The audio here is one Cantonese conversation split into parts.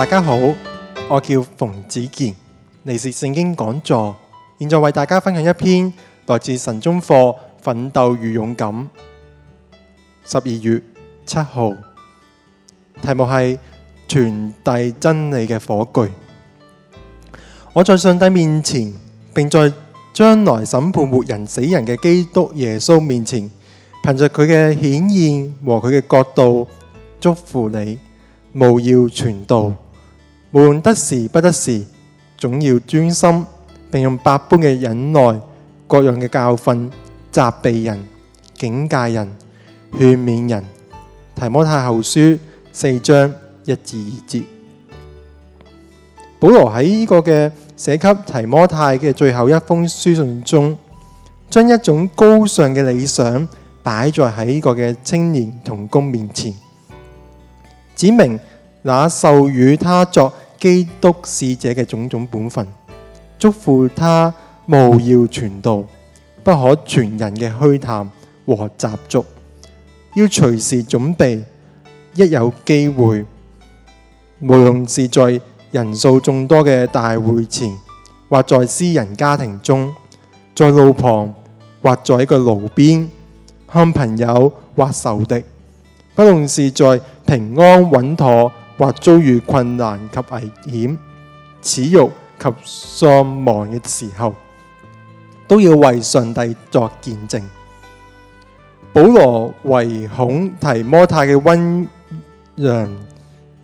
大家好，我叫馮子健，嚟自《聖經講座》，現在為大家分享一篇來自神中課《奮鬥與勇敢》，十二月七號，題目係傳遞真理嘅火炬。我在上帝面前，並在將來審判活人死人嘅基督耶穌面前，憑着佢嘅顯現和佢嘅國度，祝福你，務要傳道。無論得時不得時，總要專心，並用百般嘅忍耐、各樣嘅教訓、責備人、警戒人、勸勉人。提摩太後書四章一字二節，保羅喺呢個嘅寫給提摩太嘅最後一封書信中，將一種高尚嘅理想擺在喺呢個嘅青年同工面前，指明那授予他作。基督使者嘅種種本分，囑咐他務要傳道，不可傳人嘅虛談和習俗，要隨時準備，一有機會，無論是在人數眾多嘅大會前，或在私人家庭中，在路旁或在一個路邊向朋友或仇敵，不論是在平安穩妥。或遭遇困難及危險、恥辱及喪亡嘅時候，都要為上帝作見證。保羅唯恐提摩太嘅温良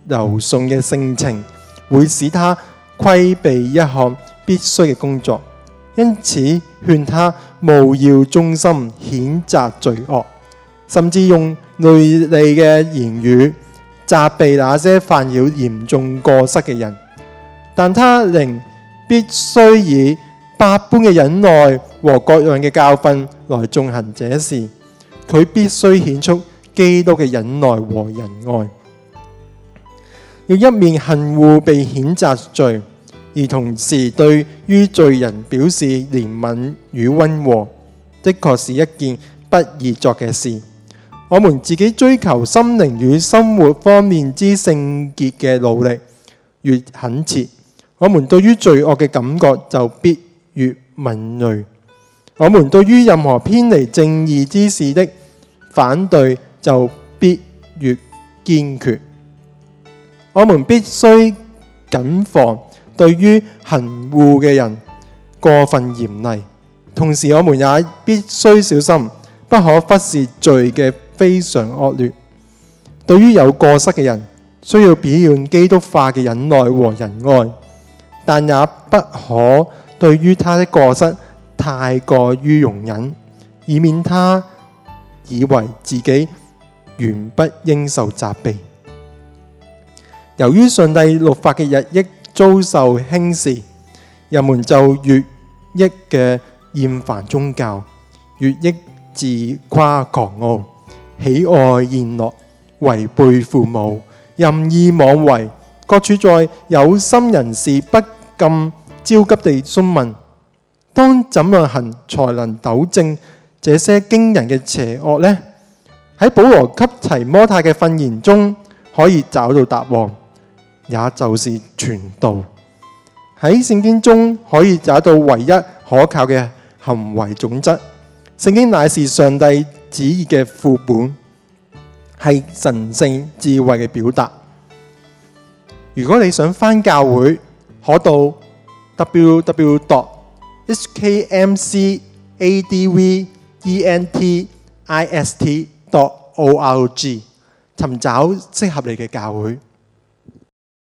柔順嘅性情會使他規避一項必須嘅工作，因此勸他務要忠心譴責罪惡，甚至用銳利嘅言語。責備那些犯了嚴重過失嘅人，但他仍必須以百般嘅忍耐和各樣嘅教訓來進行這事。佢必須顯出基督嘅忍耐和仁愛，要一面恨惡被譴責罪，而同時對於罪人表示憐憫與溫和，的確是一件不易作嘅事。我們自己追求心靈與生活方面之聖潔嘅努力越懇切，我們對於罪惡嘅感覺就必越敏銳；我們對於任何偏離正義之事的反對就必越堅決。我們必須謹防對於行惡嘅人過分嚴厲，同時我們也必須小心，不可忽視罪嘅。非常惡劣，對於有過失嘅人，需要表現基督化嘅忍耐和仁愛，但也不可對於他的過失太過於容忍，以免他以為自己原不應受責備。由於上帝律法嘅日益遭受輕視，人們就越益嘅厭煩宗教，越益自誇狂傲。喜愛宴樂，違背父母，任意妄為，各處在有心人士不禁焦急地詢問：當怎樣行才能糾正這些驚人嘅邪惡呢？喺保羅給提摩太嘅訓言中可以找到答案，也就是傳道。喺聖經中可以找到唯一可靠嘅行為準則。聖經乃是上帝。旨意嘅副本係神聖智慧嘅表達。如果你想返教會，可到 www.hkmcadventist.org，尋找適合你嘅教會。